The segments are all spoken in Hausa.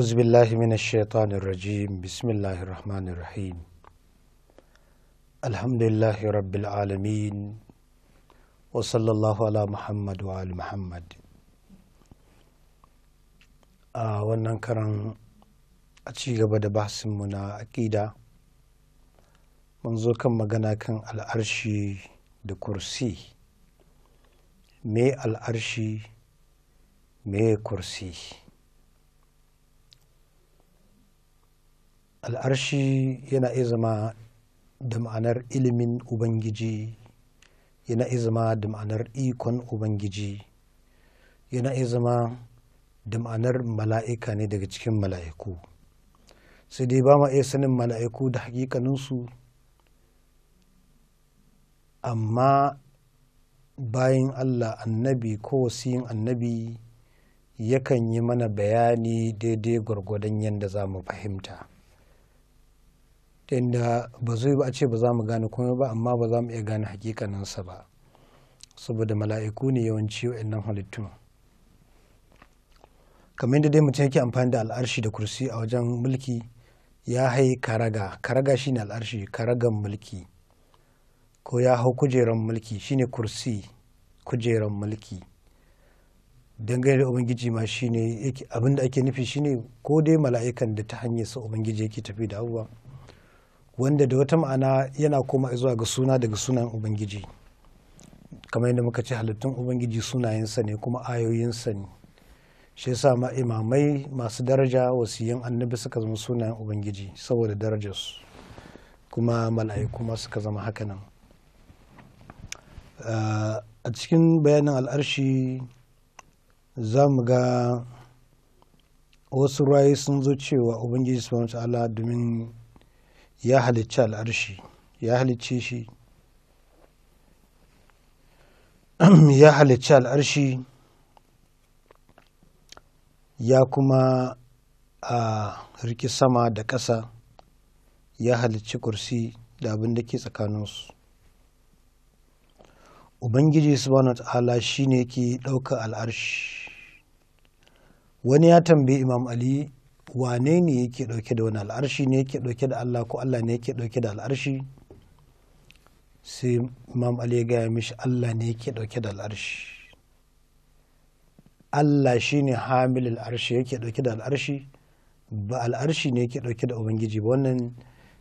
أعوذ بالله من الشيطان الرجيم بسم الله الرحمن الرحيم الحمد لله رب العالمين وصلى الله على محمد a wannan karan a ci gaba da bahasinmu na aƙida mun zo kan magana kan al'arshi da kursi me al'arshi me kursi al'arshi yana iya zama da ma'anar ilimin ubangiji yana iya zama da ma'anar ikon ubangiji yana iya zama da ma'anar mala'ika ne daga cikin mala'iku sai dai ba ma iya sanin mala'iku da hakikaninsu amma bayan allah annabi ko wasiyin annabi yakan yi mana bayani daidai gwargwadon yadda za mu fahimta inda ba zai ba a ce ba za mu gane komai ba amma ba za mu iya gane hakikaninsa ba saboda mala'iku ne yawanci wa'annan halittu kamar yadda dai mutum yake amfani da al'arshi da kursi a wajen mulki ya hai karaga karaga shi ne al'arshi karagan mulki ko ya hau kujeran mulki shi ne kursi kujeran mulki dangane da ubangiji ma shi ne abinda ake nufi shine ko dai mala'ikan da ta hanyar sa ubangiji yake tafi da abubuwa wanda da wata ma'ana yana koma zuwa ga suna daga sunan ubangiji kamar yadda muka ce halittun ubangiji sunayensa ne kuma ayoyinsa ne shi yasa ma imamai masu daraja wasiyan annabi suka zama sunayen ubangiji saboda darajarsu kuma mala'iku ma suka zama hakanan a cikin bayanin al'arshi za mu ga wasu rayu sun zo cewa ubangiji subhanahu wa ta'ala domin ya halicci al'arshi ya halicce shi ya halicci al'arshi ya kuma a riki sama da ƙasa ya halicci kursi da abin da ke tsakaninsu ubangiji subhanahu ta'ala shi ne ke ɗauka al'arshi wani ya tambayi imam ali wane ne yake ɗauke da wani al'arshi ne yake ɗauke da Allah ko Allah ne yake ɗauke da al'arshi sai imam Ali ya gaya mishi Allah ne yake ɗauke da al'arshi Allah shi ne hamil al'arshi yake ɗauke da al'arshi ba al'arshi ne yake ɗauke da Ubangiji ba wannan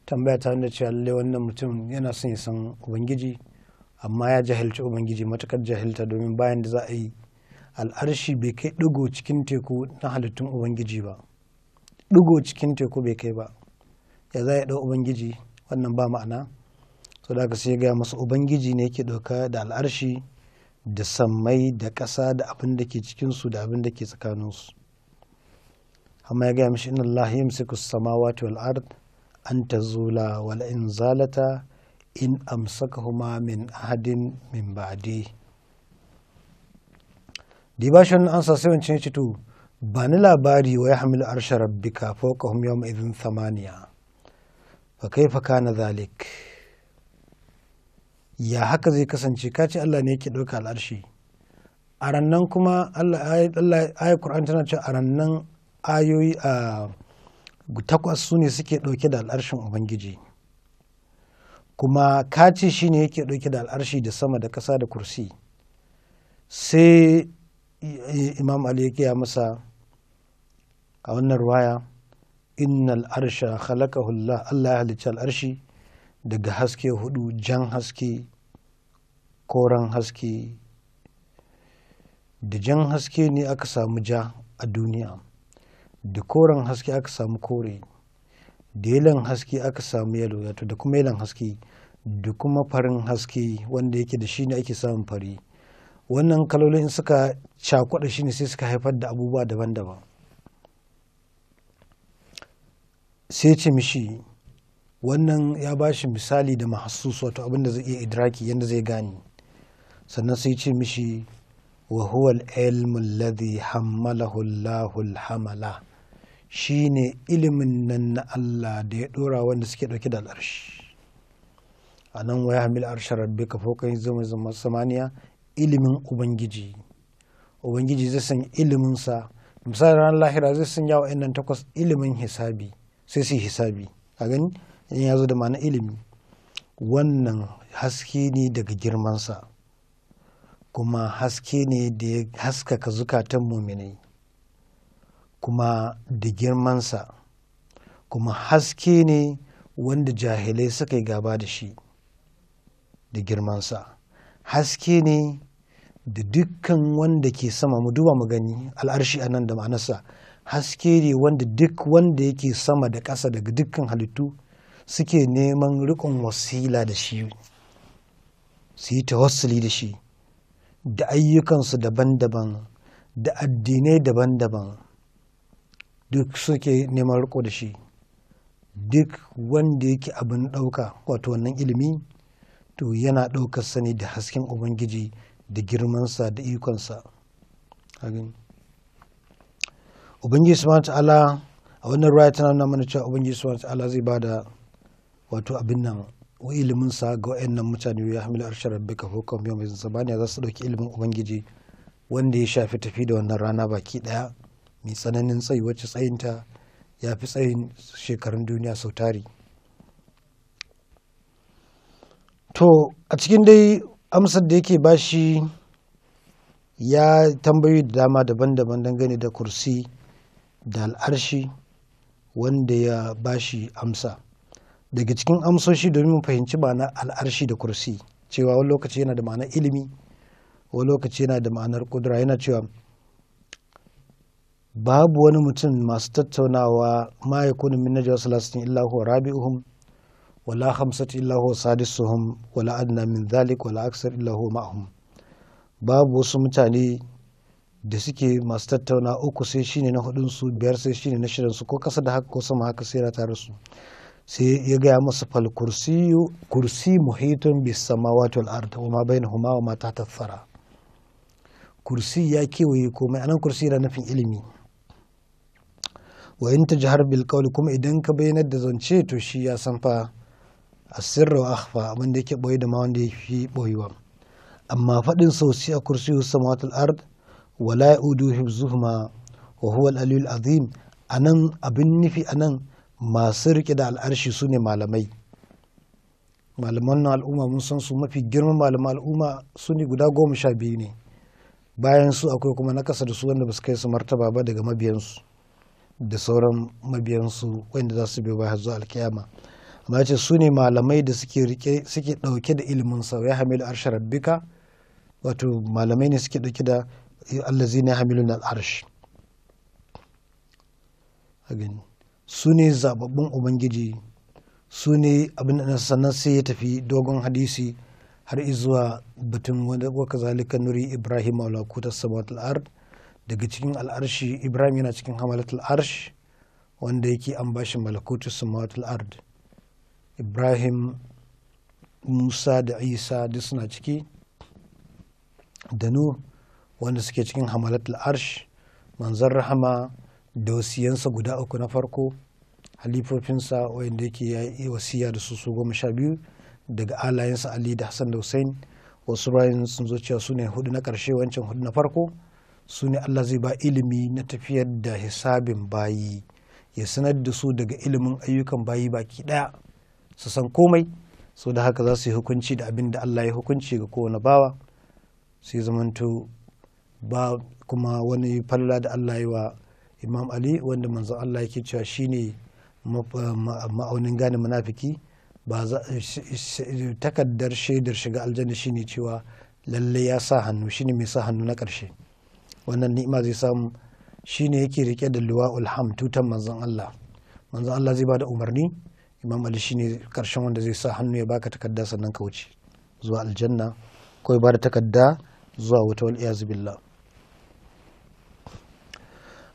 tambaya ta wanda cewa lallai wannan mutum yana son ya san Ubangiji amma ya jahilci Ubangiji matukar jahilta domin bayan da za a yi al'arshi bai kai ɗigo cikin teku na halittun Ubangiji ba. ɗigo cikin teku bai kai ba ya za ya ɗau ubangiji wannan ba ma'ana so da sai gaya masu ubangiji ne yake ɗauka da al'arshi da sammai da ƙasa da abin da ke cikinsu da abin da ke tsakaninsu amma ya gaya mashi inna Allah yamsiku samawati wal ard an tazula wal in zalata in amsakahuma min ahadin min ba'di dibashin an sa sai wancan ya to bani labari wa ya hamilu arshe rabbika hum yawma idhin samaniya fa faka kana zalik ya haka zai kasance ka ce Allah ne yake ɗauka al'arshi a rannan kuma Allah ayi Qur'an tana cewa a rannan ayoyi a takwas su ne suke ɗauke da al'arshin Ubangiji kuma ka ce shi ne yake ɗauke da al'arshi da sama da ƙasa da kursi sai imam Ali ya masa a wannan ruwaya innal arsha khalaqahu Allah Allah ya halicci al'arshi daga haske hudu jan haske koren haske da jan haske ne aka samu ja a duniya da koren haske aka samu kore da yalan haske aka samu yalo wato da kuma yalan haske da kuma farin haske wanda yake da shi ne ake samun fari wannan kalolin suka cakwada shi ne sai suka haifar da abubuwa daban-daban sai ce mishi wannan ya ba shi misali da mahassus wato abin da zai iya idraki yadda zai gane sannan sai ce mishi wa huwa al-ilmu alladhi hammalahu Allahu al ilimin nan na Allah da ya dora wanda suke dauke da al'arshi a nan wa yahmil arsha rabbika fawqa zama zama samaniya ilimin ubangiji ubangiji zai san ilimin sa misalin ran lahira zai san yawa nan takwas ilimin hisabi sai su yi hisabi a gani in ya zo da ma'ana ilimi wannan haske ne daga girmansa kuma haske ne da ya haskaka zukatan muminai kuma da girmansa kuma haske ne wanda jahilai suka yi gaba da shi da girmansa haske ne da dukkan wanda ke sama mu duba mu gani al'arshi a nan da ma'anarsa haske ne wanda duk wanda yake sama da ƙasa daga dukkan halittu suke neman riƙon wasila da shi su yi tawassuli da shi da ayyukansu daban-daban da addinai daban-daban duk suke neman riƙo da shi duk wanda yake abin ɗauka wato wannan ilimi to yana ɗaukar sani da hasken ubangiji da girmansa da ikonsa. ubangiji subhanahu ta'ala a wannan ruwa tana nuna mana cewa ubangiji subhanahu ta'ala zai ba da wato abin nan wa ilimin sa ga wayannan mutane ya hamila arshar rabbika hukum yau izin sabaniya za su dauki ilimin ubangiji wanda ya shafi tafi da wannan rana baki daya mai tsananin tsayi wacce tsayinta ya fi tsayin shekarun duniya sau tari to a cikin dai amsar da yake bashi ya tambayi da dama daban-daban dangane da kursi da al'arshi wanda ya bashi amsa daga cikin amsoshi domin mu fahimci ma'ana al'arshi da kursi cewa wani lokaci yana da ma'anar ilimi wani lokaci yana da ma'anar kudura yana cewa babu wani mutum masu tattaunawa ma ya kuni min najwa salasin illa huwa rabi'uhum wala hamsat illa huwa sadisuhum wala adna min dhalik wala aksar illa huwa ma'hum babu wasu mutane da suke masu tattauna uku sai shine na hudun su biyar sai shine na shirin su ko kasa da haka ko sama haka sai tare su sai ya gaya masa fal kursiyu kursi muhitun bis samawati wal ard wa ma bainahuma wa ma tahta thara kursi ya kewaye komai anan kursi yana nufin ilimi wa in tajhar bil qawli kuma idan ka bayyanar da zance to shi ya san fa asirru wa akhfa abin yake boye da ma wanda yake boyewa amma faɗin sosai a kursiyu samawatul ard wala udu hibzuhuma wa huwa al-aliyul azim anan abin nufi anan masu rike da al'arshi su ne malamai malaman na al'umma mun san su mafi girman malaman al'umma su ne guda goma sha biyu ne bayan su akwai kuma na kasa da su wanda ba su kai su martaba ba daga mabiyansu da sauran mabiyansu wanda za su biyo bai har zuwa alkiyama amma ce su ne malamai da suke rike suke dauke da ilimin sa ya hamilu arshar rabbika wato malamai ne suke dauke da allazina hamiluna al'arsh su ne zababbun ubangiji su ne abin sannan sai ya tafi dogon hadisi har izuwa batun waka zalika nuri ibrahim ala kutar samatul ard daga cikin al'arshi ibrahim yana cikin hamalatul arsh wanda yake an bashi malakutu samatul ard ibrahim musa da isa duk suna ciki da nu wanda suke cikin hamalatul arsh manzan rahama da guda uku na farko halifofinsa wanda yake ya yi wasiya da su su goma sha biyu daga alayensa ali da hassan da hussein wasu bayan sun zo cewa su ne hudu na karshe wancan hudu na farko su ne allah zai ba ilimi na tafiyar da hisabin bayi ya sanar da su daga ilimin ayyukan bayi baki daya su san komai sau da haka za su yi hukunci da abin da allah ya hukunci ga kowane bawa sai zamanto ba kuma wani falla da Allah ya wa Imam Ali wanda manzon Allah yake cewa shine eh, ma'aunin gane munafiki ba takaddar shaidar shiga aljanna shine cewa lalle ya sa hannu shine mai sa hannu na karshe wannan ni'ima zai samu shine yake rike da luwa'ul ham tutan manzon Allah manzon Allah zai bada umarni Imam Ali shine karshen wanda zai sa hannu ya baka takarda sannan ka wuce zuwa aljanna ko ya bada takadda zuwa wata wal billah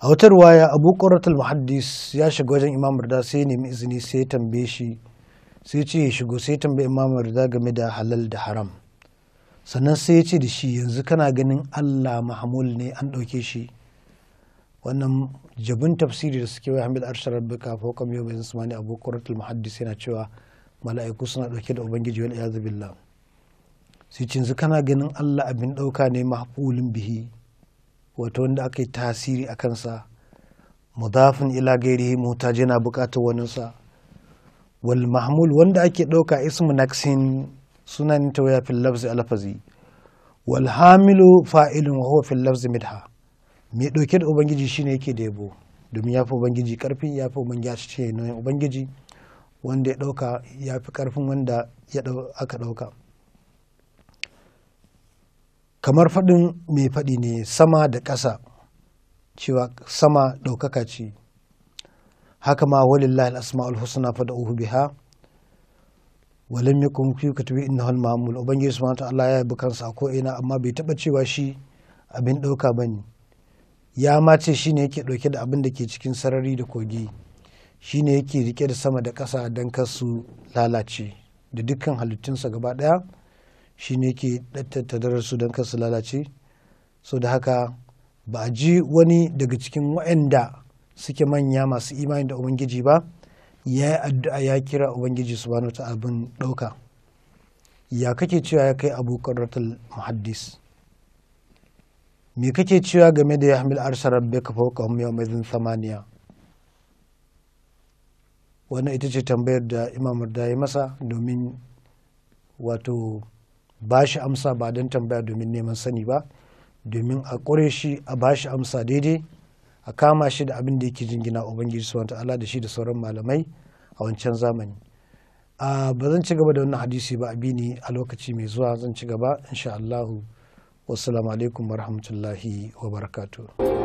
a watar waya abu ƙoratul muhaddis ya shiga wajen imam rida sai ya nemi izini sai ya tambaye shi sai ce ya shigo sai ya tambaye imam rida game da halal da haram sannan sai ya ce da shi yanzu kana ganin allah mahamul ne an ɗauke shi wannan jabin tafsiri da suke wai hamid arshar rabbika fawqa yau bai zama ne abu ƙoratul muhaddis yana cewa mala'iku suna ɗauke da ubangiji wani ya zabi sai ce yanzu kana ganin allah abin ɗauka ne mahamulin bihi wato wanda aka yi tasiri a kansa mudafin ila gairihi mutaji yana buƙatar waninsa wal mahmul wanda ake ɗauka ismu naksin sunan waya fil lafzi alfazi wal hamilu fa'ilun wa huwa fil lafzi midha mai ɗauke da ubangiji shine yake da yabo domin ya fi ubangiji karfi ya fi ubangiji ce ubangiji wanda ya ɗauka ya fi karfin wanda aka ɗauka kamar faɗin mai faɗi ne sama da ƙasa cewa sama ɗaukaka ce haka ma walillahi al-asma'ul husna fad'uhu biha walam yakun fi kutubi innahu al-ma'mul ubangiji subhanahu ta'ala ya yabi kansa ko ina amma bai taba cewa shi abin dauka bane ya ma ce shine yake ɗauke da abin da ke cikin sarari da kogi shine yake rike da sama da ƙasa dan kar su lalace da dukkan halittunsa gaba ɗaya. shi ne ke tattarar su don kansu lalace so da haka ba a ji wani daga cikin waɗanda suke manya masu imani da ubangiji ba ya yi addu'a ya kira ubangiji su bani ta abin ɗauka ya kake cewa ya kai abu ratal muhaddis me kake cewa game da ya hamil arsha rabbe ka fauka yau mai samaniya wannan ita ce tambayar da imamar da ya masa domin wato ba shi amsa ba don tambaya domin neman sani ba domin a ƙure shi a ba shi amsa daidai a kama shi da abin da yake jingina ubangiji su ala da shi da sauran malamai a wancan zamani ba zan ci gaba da wannan hadisi ba abi ne a lokaci mai zuwa zan ci gaba insha allahu wassalamu alaikum wa barakatuh